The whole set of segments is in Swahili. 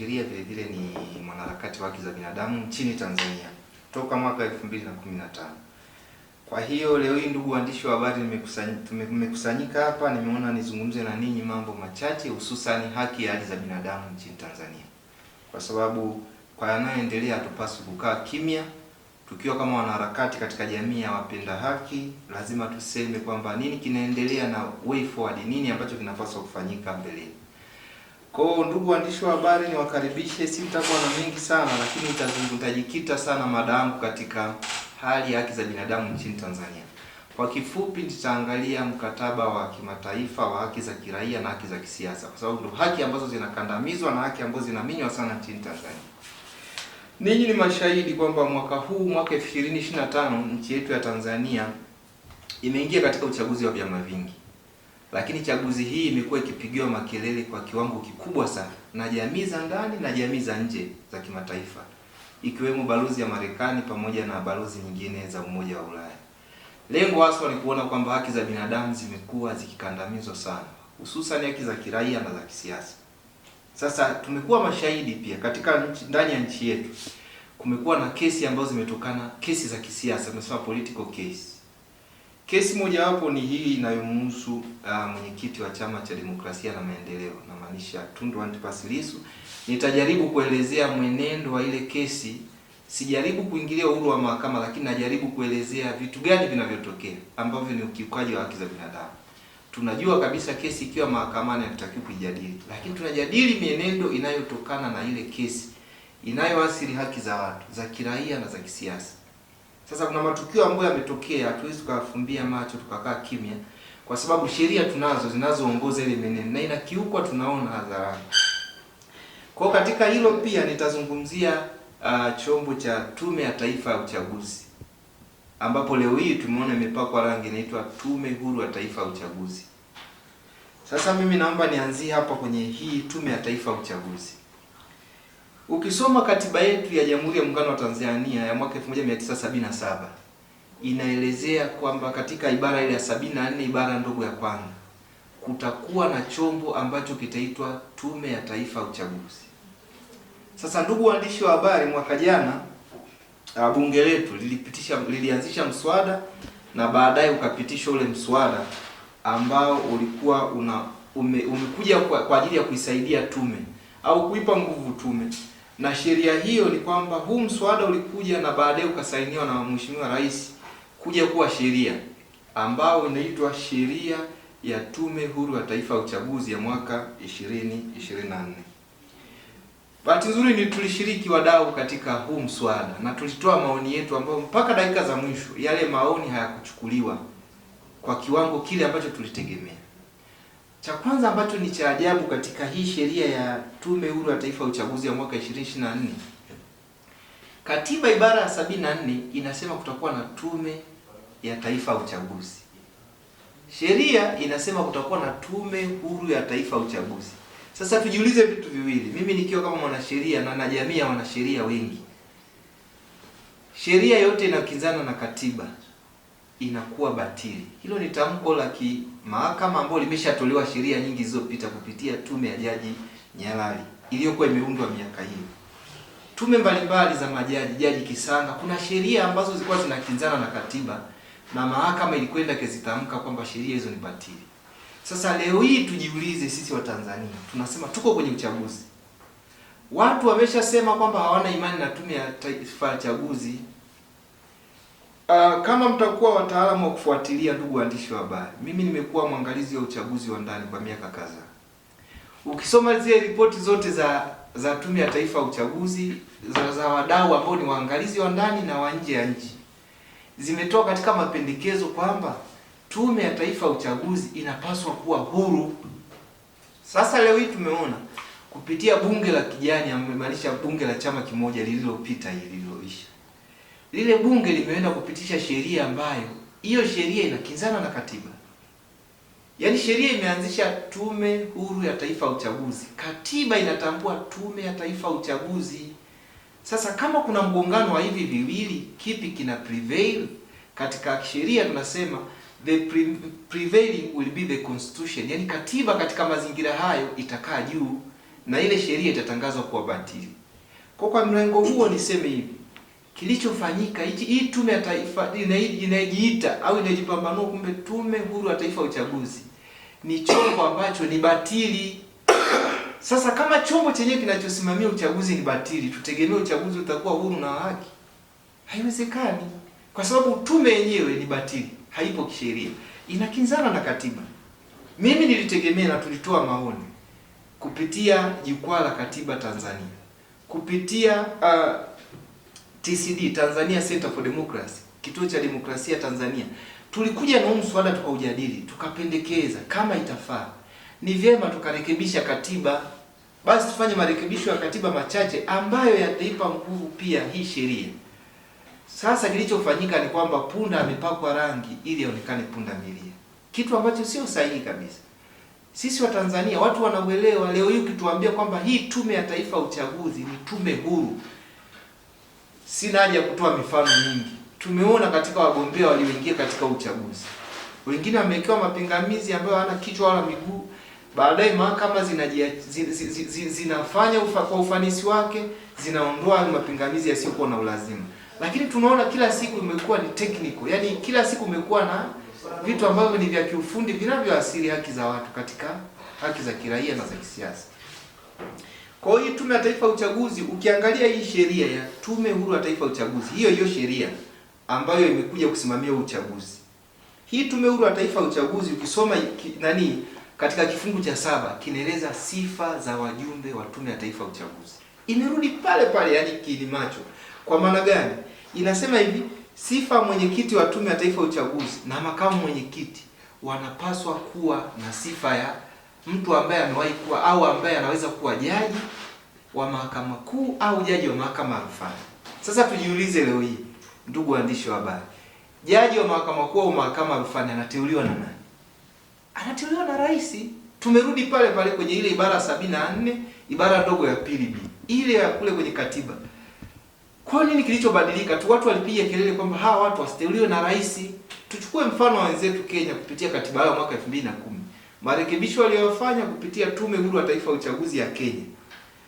mwanasheria vile vile ni mwanaharakati wa haki za binadamu nchini Tanzania toka mwaka 2015. Kwa hiyo leo hii, ndugu waandishi wa habari, nimekusanyika hapa, nimeona nizungumze na ninyi mambo machache, hususan haki ya haki za binadamu nchini Tanzania, kwa sababu kwa yanayoendelea hatupaswi kukaa kimya. Tukiwa kama wanaharakati katika jamii ya wapenda haki, lazima tuseme kwamba nini kinaendelea na way forward, nini ambacho kinapaswa kufanyika mbeleni. Kwa hiyo ndugu waandishi wa habari, niwakaribishe. Sitakuwa na mengi sana, lakini nitajikita sana mada yangu katika hali ya haki za binadamu nchini Tanzania. Kwa kifupi, nitaangalia mkataba wa kimataifa wa haki za kiraia na haki za kisiasa, kwa sababu ndio haki ambazo zinakandamizwa na haki ambazo zinaminywa sana nchini Tanzania. Ninyi ni mashahidi kwamba mwaka huu, mwaka 2025 nchi yetu ya Tanzania imeingia katika uchaguzi wa vyama vingi lakini chaguzi hii imekuwa ikipigiwa makelele kwa kiwango kikubwa sana na jamii za ndani na jamii za nje za kimataifa, ikiwemo balozi ya Marekani pamoja na balozi nyingine za Umoja wa Ulaya. Lengo haswa ni kuona kwamba haki za binadamu zimekuwa zikikandamizwa sana, hususan haki za kiraia na za kisiasa. Sasa tumekuwa mashahidi pia katika ndani ya nchi yetu kumekuwa na kesi ambazo zimetokana, kesi za kisiasa, tunasema political case Kesi mojawapo ni hii inayomhusu uh, mwenyekiti wa Chama cha Demokrasia na Maendeleo, namaanisha Tundu Antipas Lissu. Nitajaribu kuelezea mwenendo wa ile kesi, sijaribu kuingilia uhuru wa mahakama, lakini najaribu kuelezea vitu gani vinavyotokea ambavyo ni ukiukaji wa haki za binadamu. Tunajua kabisa kesi ikiwa mahakamani hatutakiwi kuijadili, lakini tunajadili mienendo inayotokana na ile kesi inayoathiri haki za watu za kiraia na za kisiasa. Sasa kuna matukio ambayo yametokea, hatuwezi tukafumbia macho tukakaa kimya, kwa sababu sheria tunazo zinazoongoza ile menene na inakiukwa, tunaona hadharani. Kwa katika hilo pia nitazungumzia uh, chombo cha Tume ya Taifa ya Uchaguzi ambapo leo hii tumeona imepakwa rangi inaitwa Tume Huru ya Taifa ya Uchaguzi. Sasa mimi naomba nianzie hapa kwenye hii Tume ya Taifa ya Uchaguzi. Ukisoma katiba yetu ya Jamhuri ya Muungano wa Tanzania ya mwaka 1977 inaelezea kwamba katika ibara ile ya 74 ibara ndogo ya kwanza kutakuwa na chombo ambacho kitaitwa Tume ya Taifa ya Uchaguzi. Sasa ndugu waandishi wa habari, mwaka jana ah, bunge letu lilipitisha, lilianzisha mswada na baadaye ukapitishwa ule mswada ambao ulikuwa una ume, umekuja kwa, kwa ajili ya kuisaidia tume au kuipa nguvu tume na sheria hiyo ni kwamba huu mswada ulikuja na baadaye ukasainiwa na Mheshimiwa Rais kuja kuwa sheria ambao inaitwa sheria ya Tume Huru ya Taifa ya Uchaguzi ya mwaka 2024. Bahati nzuri ni tulishiriki wadau katika huu mswada na tulitoa maoni yetu ambayo mpaka dakika za mwisho yale maoni hayakuchukuliwa kwa kiwango kile ambacho tulitegemea. Cha kwanza ambacho ni cha ajabu katika hii sheria ya Tume Huru ya Taifa ya Uchaguzi ya mwaka 2024, katiba ibara ya 74 inasema kutakuwa na tume ya taifa ya uchaguzi. Sheria inasema kutakuwa na Tume Huru ya Taifa ya Uchaguzi. Sasa tujiulize vitu viwili, mimi nikiwa kama mwanasheria na na jamii ya wanasheria wengi, sheria yote inakinzana na katiba inakuwa batili. Hilo ni tamko la kimahakama ambalo limeshatolewa sheria nyingi zilizopita kupitia tume ya Jaji Nyalali iliyokuwa imeundwa miaka hiyo. Tume mbalimbali za majaji, Jaji Kisanga, kuna sheria ambazo zilikuwa zinakinzana na katiba na mahakama ilikwenda kezitamka kwamba sheria hizo ni batili. Sasa leo hii tujiulize sisi Watanzania, tunasema tuko kwenye uchaguzi. Watu wameshasema kwamba hawana imani na tume ya taifa ya chaguzi Uh, kama mtakuwa wataalamu wa kufuatilia, ndugu waandishi wa habari, mimi nimekuwa mwangalizi wa uchaguzi wa ndani kwa miaka kadhaa. Ukisoma zile ripoti zote za za Tume ya Taifa ya Uchaguzi za, za wadau ambao ni waangalizi wa ndani na wa nje ya nchi zimetoa katika mapendekezo kwamba Tume ya Taifa ya Uchaguzi inapaswa kuwa huru. Sasa leo hii tumeona kupitia bunge la kijani, amemaanisha bunge la chama kimoja lililopita hili lililoisha lile bunge limeenda kupitisha sheria ambayo hiyo sheria inakinzana na katiba. Yaani sheria imeanzisha Tume Huru ya Taifa ya Uchaguzi, katiba inatambua Tume ya Taifa ya Uchaguzi. Sasa kama kuna mgongano wa hivi viwili, kipi kina prevail? Katika sheria tunasema the pre prevailing will be the constitution, yaani katiba katika mazingira hayo itakaa juu na ile sheria itatangazwa kuwa batili. Kwa kwa mlengo huo niseme hivi kilichofanyika hichi, hii tume ya taifa inajiita au inajipambanua, kumbe tume huru ya taifa ya uchaguzi ni chombo ambacho ni batili. Sasa kama chombo chenyewe kinachosimamia uchaguzi ni batili, tutegemee uchaguzi utakuwa huru na haki? Haiwezekani, kwa sababu tume yenyewe ni batili, haipo kisheria, inakinzana na katiba. Mimi nilitegemea na tulitoa maoni kupitia jukwaa la katiba Tanzania kupitia uh, TCD, Tanzania Center for Democracy, kituo cha demokrasia Tanzania, tulikuja na huu mswada tukaujadili, tukapendekeza kama itafaa ni vyema tukarekebisha katiba, basi tufanye marekebisho ya katiba machache ambayo yataipa nguvu pia hii sheria. Sasa kilichofanyika ni kwamba punda amepakwa rangi ili aonekane punda milia, kitu ambacho sio sahihi kabisa. Sisi wa Tanzania watu wanauelewa. Leo hii ukituambia kwamba hii Tume ya Taifa ya Uchaguzi ni tume huru Sina haja ya kutoa mifano mingi, tumeona katika wagombea walioingia katika uchaguzi, wengine wamewekewa mapingamizi ambayo hawana kichwa wala miguu. Baadaye mahakama zinajia, zin, zin, zin, zinafanya ufa, kwa ufanisi wake zinaondoa mapingamizi yasiyokuwa na ulazima, lakini tunaona kila siku imekuwa ni technical, yaani kila siku imekuwa na vitu ambavyo ni vya kiufundi vinavyoathiri haki za watu katika haki za kiraia na za kisiasa. Kwa hiyo Tume ya Taifa ya Uchaguzi, ukiangalia hii sheria ya Tume Huru ya Taifa ya Uchaguzi, hiyo hiyo sheria ambayo imekuja kusimamia uchaguzi, hii Tume Huru ya Taifa ya Uchaguzi ukisoma nani katika kifungu cha saba kinaeleza sifa za wajumbe wa Tume ya Taifa ya Uchaguzi, imerudi pale pale, yani kiilimacho. Kwa maana gani? Inasema hivi, sifa mwenyekiti wa Tume ya Taifa ya Uchaguzi na makamu mwenyekiti wanapaswa kuwa na sifa ya mtu ambaye amewahi kuwa au ambaye anaweza kuwa jaji wa mahakama kuu au jaji wa mahakama ya rufani. Sasa tujiulize leo hii, ndugu waandishi wa habari, jaji wa mahakama kuu au mahakama ya rufani anateuliwa na nani? Anateuliwa na rais. Tumerudi pale pale kwenye ile ibara sabini na nne ibara ndogo ya pili b ile ya kule kwenye katiba. Kwa nini kilichobadilika tu? Watu walipiga kelele kwamba hawa watu wasiteuliwe na rais. Tuchukue mfano wa wenzetu Kenya kupitia katiba yao mwaka 2010 marekebisho waliyofanya kupitia Tume Huru ya Taifa ya Uchaguzi ya Kenya.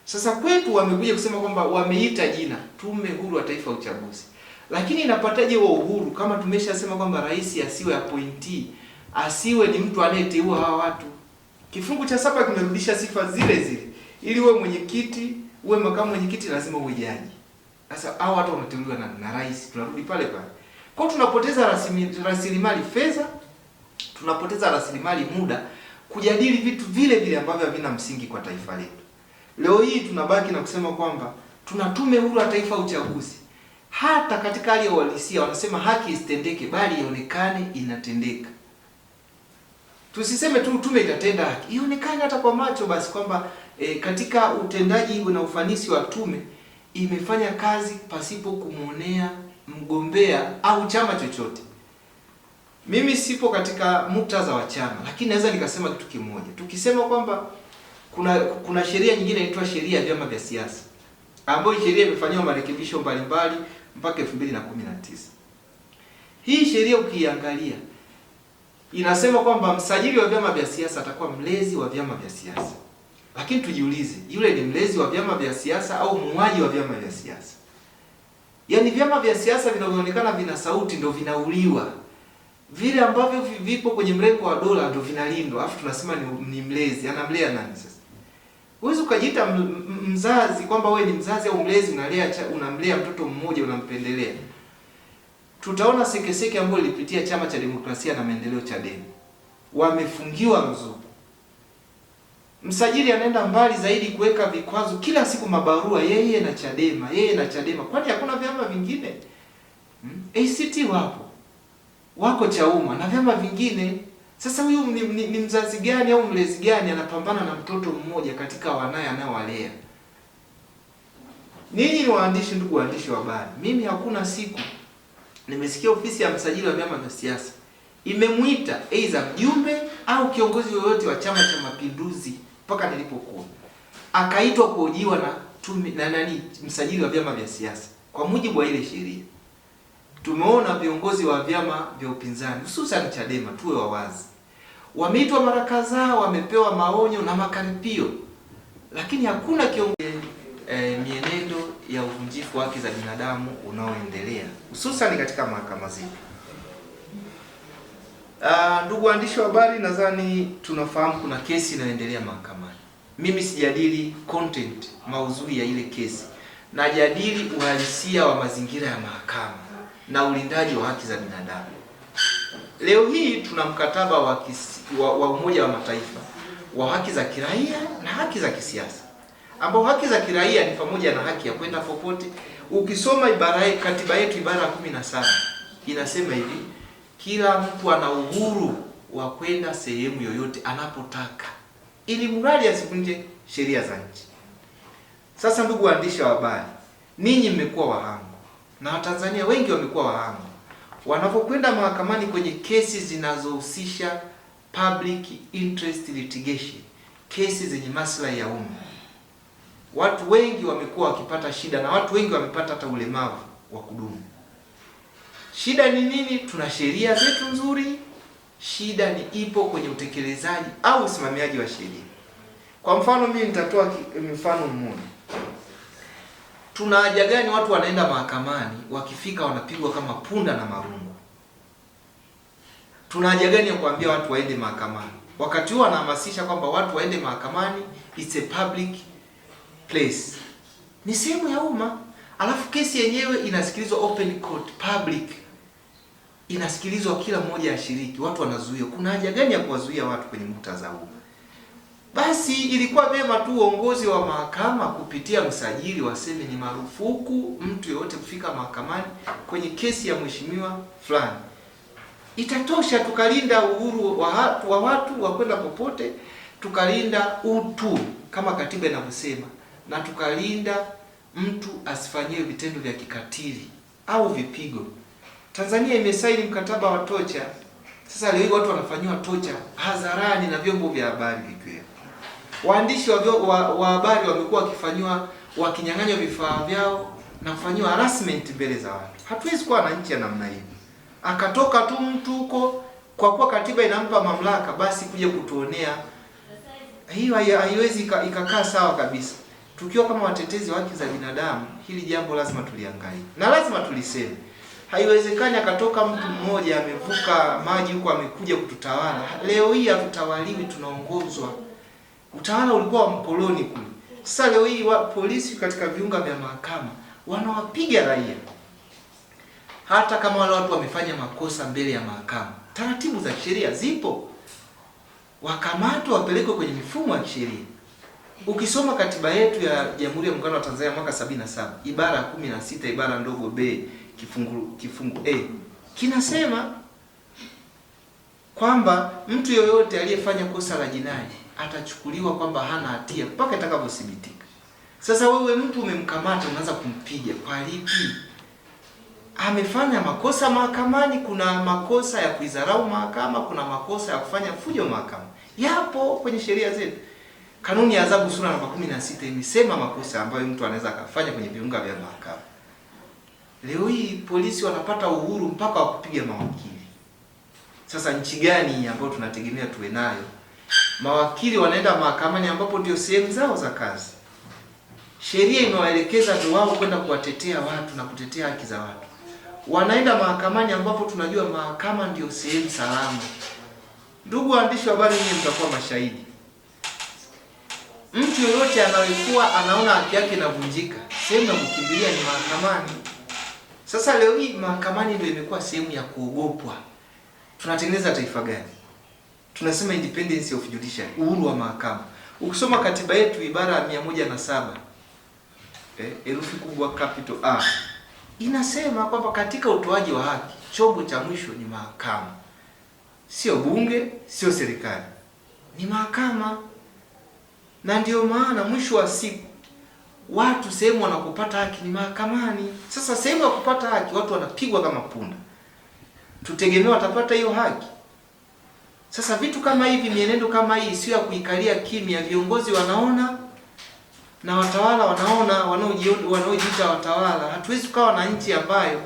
Sasa kwetu wamekuja kusema kwamba wameita jina Tume Huru ya Taifa ya Uchaguzi, lakini inapataje wa uhuru kama tumeshasema kwamba rais asiwe appointee, asiwe ni mtu anayeteua hawa watu? Kifungu cha saba kimerudisha sifa zile zile, ili uwe mwenyekiti, uwe makamu mwenyekiti, lazima uwe jaji. Sasa hawa watu wanateuliwa na, na rais, tunarudi pale pale. Kwa tunapoteza rasilimali fedha, tunapoteza rasilimali muda kujadili vitu vile vile ambavyo havina msingi kwa taifa letu. Leo hii tunabaki na kusema kwamba tuna tume huru ya taifa uchaguzi, hata katika hali ya uhalisia wanasema haki isitendeke, bali ionekane inatendeka. Tusiseme tu tume itatenda haki, ionekane hata kwa macho basi kwamba e, katika utendaji na ufanisi wa tume imefanya kazi pasipo kumwonea mgombea au chama chochote. Mimi sipo katika muktadha wa chama, lakini naweza nikasema kitu kimoja. Tukisema kwamba kuna kuna sheria nyingine inaitwa sheria ya vyama vya siasa ambayo sheria imefanyiwa marekebisho mbalimbali mpaka na tisa. Hii sheria ukiangalia inasema kwamba msajili wa vyama vya siasa atakuwa mlezi wa vyama vya siasa. Lakini tujiulize, yule ni mlezi wa vyama vya siasa au muuaji wa vyama vya siasa? Yaani vyama vya siasa vinavyoonekana vina sauti ndio vinauliwa vile ambavyo vipo kwenye mrengo wa dola ndio vinalindwa, alafu tunasema ni, ni mlezi. Anamlea nani sasa? Huwezi ukajiita mzazi kwamba wewe ni mzazi au mlezi, unalea unamlea mtoto mmoja unampendelea. Tutaona sekeseke ambayo ilipitia Chama cha Demokrasia na Maendeleo, Chadema, wamefungiwa mzuku. Msajili anaenda mbali zaidi kuweka vikwazo, kila siku mabarua, yeye na Chadema, yeye na Chadema. Kwani hakuna vyama vingine? Hmm? ACT wapo wako CHAUMMA na vyama vingine. Sasa huyu ni, ni, ni mzazi gani au mlezi gani anapambana na mtoto mmoja katika wanaye anaowalea? Ninyi ni waandishi, ndugu waandishi wa habari, mimi hakuna siku nimesikia ofisi ya msajili wa vyama vya siasa imemwita aidha mjumbe au kiongozi yoyote wa Chama cha Mapinduzi mpaka nilipokuwa akaitwa kuhojiwa na tume na nani, msajili wa vyama vya siasa kwa mujibu wa ile sheria tumeona viongozi wa vyama vya upinzani hususan Chadema, tuwe wawazi, wameitwa mara kadhaa, wamepewa maonyo na makaripio, lakini hakuna kiongozi eh, mienendo ya uvunjifu wa haki za binadamu unaoendelea hususan katika mahakama zetu. Ah, ndugu waandishi wa habari, nadhani tunafahamu kuna kesi inayoendelea mahakamani. Mimi sijadili content maudhui ya ile kesi, najadili uhalisia wa mazingira ya mahakama na ulindaji wa haki za binadamu. Leo hii tuna mkataba wa, kisi, wa, wa Umoja wa Mataifa wa haki za kiraia na haki za kisiasa ambao haki za kiraia ni pamoja na haki ya kwenda popote. Ukisoma ibara katiba yetu ibara ya kumi na saba inasema hivi, kila mtu ana uhuru wa kwenda sehemu yoyote anapotaka ili mradi asivunje sheria za nchi. Sasa ndugu waandishi wa habari, ninyi mmekuwa wahanga na Watanzania wengi wamekuwa wahanga wanapokwenda mahakamani kwenye kesi zinazohusisha public interest litigation, kesi zenye maslahi ya umma. Watu wengi wamekuwa wakipata shida na watu wengi wamepata hata ulemavu wa kudumu. Shida ni nini? Tuna sheria zetu nzuri, shida ni ipo kwenye utekelezaji au usimamiaji wa sheria. Kwa mfano, mimi nitatoa mfano mmoja tuna haja gani watu wanaenda mahakamani wakifika wanapigwa kama punda na marungu? Tuna haja gani ya kuambia watu waende mahakamani wakati huo wanahamasisha kwamba watu waende mahakamani, it's a public place, ni sehemu ya umma, alafu kesi yenyewe inasikilizwa open court public, inasikilizwa kila mmoja ashiriki, watu wanazuia. Kuna haja gani ya kuwazuia watu kwenye muktadha huu? Basi ilikuwa vyema tu uongozi wa mahakama kupitia msajili waseme ni marufuku mtu yeyote kufika mahakamani kwenye kesi ya mheshimiwa fulani. Itatosha, tukalinda uhuru wa watu wa watu wa kwenda popote, tukalinda utu kama katiba inavyosema, na tukalinda mtu asifanyiwe vitendo vya kikatili au vipigo. Tanzania imesaini mkataba wa tocha. Sasa leo watu wanafanyiwa tocha hadharani na vyombo vya habari vikiwemo waandishi wa wa habari wamekuwa wakifanywa wakinyang'anywa vifaa vyao na kufanywa harassment mbele za watu. Hatuwezi kuwa na nchi ya namna hii. Akatoka tu mtu huko kwa kuwa katiba inampa mamlaka, basi kuja kutuonea. Hiyo haiwezi ikakaa sawa kabisa. Tukiwa kama watetezi wa haki za binadamu, hili jambo lazima tuliangalie na lazima tuliseme. Haiwezekani akatoka mtu mmoja amevuka maji huko amekuja kututawala. Leo hii hatutawaliwi, tunaongozwa. Utawala ulikuwa wa mkoloni kule. Sasa leo hii wa polisi katika viunga vya mahakama wanawapiga raia, hata kama wale watu wamefanya makosa mbele ya mahakama. Taratibu za sheria zipo, wakamatwa wapelekwe kwenye mifumo ya sheria. Ukisoma katiba yetu ya Jamhuri ya Muungano wa Tanzania mwaka 77 ibara ya 16 ibara ndogo b kifungu kifungu a kinasema kwamba mtu yoyote aliyefanya kosa la jinai atachukuliwa kwamba hana hatia mpaka itakapothibitika. Sasa wewe mtu umemkamata, unaanza kumpiga kwa lipi? Amefanya makosa mahakamani. Kuna makosa ya kuidharau mahakama, kuna makosa ya kufanya fujo mahakama, yapo kwenye sheria zetu. Kanuni ya adhabu sura namba 16 imesema makosa ambayo mtu anaweza akafanya kwenye viunga vya mahakama. Leo hii polisi wanapata uhuru mpaka wa kupiga mawakili. Sasa nchi gani ambayo tunategemea tuwe nayo mawakili wanaenda mahakamani ambapo ndio sehemu zao za kazi. Sheria imewaelekeza ndio wao kwenda kuwatetea watu na kutetea haki za watu, wanaenda mahakamani ambapo tunajua mahakama ndio sehemu salama. Ndugu waandishi wa habari, nyinyi mtakuwa mashahidi. Mtu yoyote anayekuwa anaona haki yake inavunjika, sehemu ya kukimbilia ni mahakamani. Sasa leo hii mahakamani ndio imekuwa sehemu ya kuogopwa. Tunatengeneza taifa gani? tunasema independence of judiciary, uhuru wa mahakama. Ukisoma katiba yetu ibara ya mia moja na saba eh, herufi kubwa capital A inasema kwamba katika utoaji wa haki chombo cha mwisho ni mahakama, sio bunge, sio serikali, ni mahakama. Na ndio maana mwisho wa siku watu sehemu wanakupata haki ni mahakamani. Sasa sehemu ya kupata haki watu wanapigwa kama punda, tutegemea watapata hiyo haki? Sasa vitu kama hivi, mienendo kama hii sio ya kuikalia kimya. Viongozi wanaona na watawala wanaona, wanaojiita watawala. Hatuwezi kukawa na nchi ambayo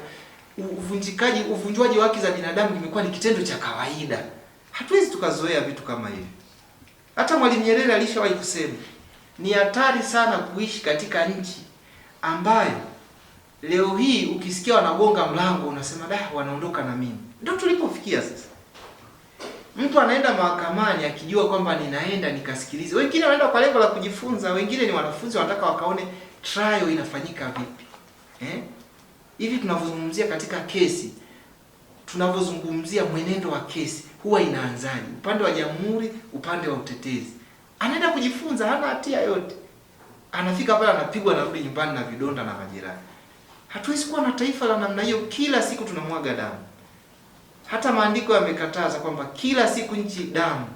uvunjikaji, uvunjwaji wa haki za binadamu imekuwa ni kitendo cha kawaida. Hatuwezi tukazoea vitu kama hivi. Hata Mwalimu Nyerere alishawahi kusema ni hatari sana kuishi katika nchi ambayo leo hii ukisikia wanagonga mlango unasema da, wanaondoka na mimi. Ndio tulipofikia sasa. Mtu anaenda mahakamani akijua kwamba ninaenda nikasikilize. Wengine wanaenda kwa lengo la kujifunza, wengine ni wanafunzi wanataka wakaone trial inafanyika vipi. Eh? Hivi tunavyozungumzia katika kesi, tunavyozungumzia mwenendo wa kesi huwa inaanzaje? Upande wa jamhuri, upande wa utetezi. Anaenda kujifunza, hana hatia yote. Anafika pale anapigwa, anarudi nyumbani na vidonda na majeraha. Hatuwezi kuwa na taifa la namna hiyo, kila siku tunamwaga damu hata maandiko yamekataza kwamba kila siku nchi damu.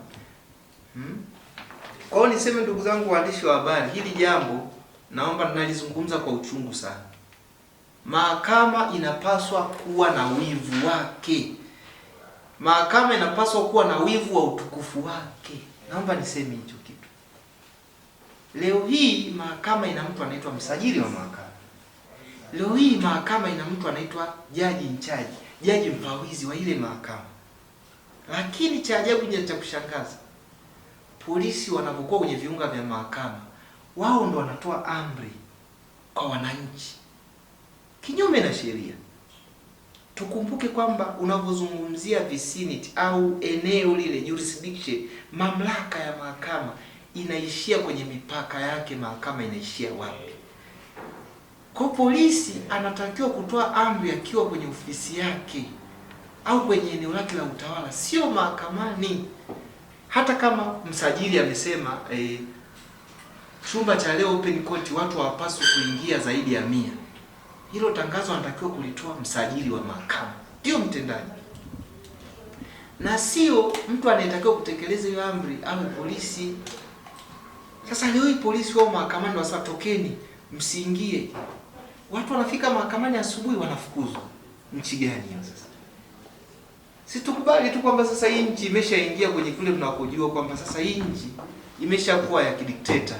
Hmm? Kwa hiyo niseme ndugu zangu waandishi wa habari, hili jambo naomba ninalizungumza kwa uchungu sana. Mahakama inapaswa kuwa na wivu wake. Mahakama inapaswa kuwa na wivu wa utukufu wake. Naomba niseme hicho kitu. Leo hii mahakama ina mtu anaitwa msajili wa mahakama. Leo hii mahakama ina mtu anaitwa jaji in charge jaji mfawizi wa ile mahakama. Lakini cha ajabu na cha kushangaza, polisi wanapokuwa kwenye viunga vya mahakama, wao ndo wanatoa amri kwa wananchi kinyume na sheria. Tukumbuke kwamba unavyozungumzia vicinity au eneo lile jurisdiction, mamlaka ya mahakama inaishia kwenye mipaka yake. Mahakama inaishia wapi? Kwa polisi anatakiwa kutoa amri akiwa kwenye ofisi yake au kwenye eneo lake la utawala, sio mahakamani. Hata kama msajili amesema eh, chumba cha leo open court watu hawapaswi kuingia zaidi ya mia, hilo tangazo anatakiwa kulitoa msajili wa mahakama, ndio mtendaji, na sio mtu anayetakiwa kutekeleza hiyo amri au polisi. Sasa leo hii polisi wao mahakamani wasatokeni, msiingie. Watu wanafika mahakamani asubuhi wanafukuzwa. Nchi gani hiyo sasa? Si tukubali tu kwamba sasa hii nchi imeshaingia kwenye kule tunakojua kwamba sasa hii nchi imeshakuwa ya kidikteta.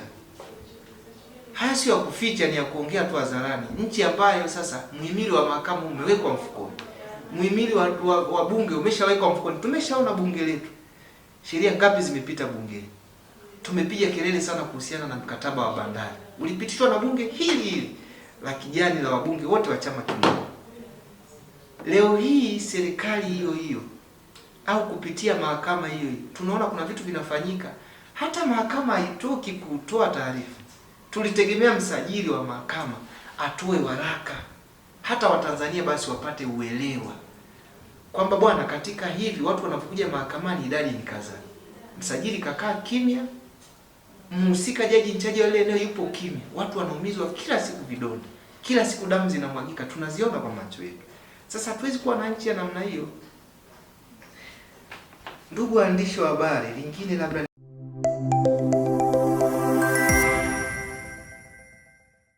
Haya sio ya kuficha, ni ya kuongea tu hadharani. Nchi ambayo sasa mhimili wa mahakama umewekwa mfukoni, mhimili wa, wa, wa bunge umeshawekwa mfukoni. Tumeshaona bunge letu, sheria ngapi zimepita bungeni. Tumepiga kelele sana kuhusiana na mkataba wa bandari, ulipitishwa na bunge hili hili la kijani la wabunge wote wa chama kimoja. Leo hii serikali hiyo hiyo au kupitia mahakama hiyo hiyo tunaona kuna vitu vinafanyika, hata mahakama haitoki kutoa taarifa. Tulitegemea msajili wa mahakama atoe waraka, hata Watanzania basi wapate uelewa kwamba bwana, katika hivi watu wanavyokuja mahakamani idadi ni kadhaa. Msajili kakaa kimya mhusika jaji mchaji wa ile eneo yupo kimya, watu wanaumizwa kila siku, vidonda kila siku, damu zinamwagika, tunaziona kwa macho yetu. Sasa hatuwezi kuwa na nchi ya namna hiyo, ndugu waandishi wa habari. Lingine labda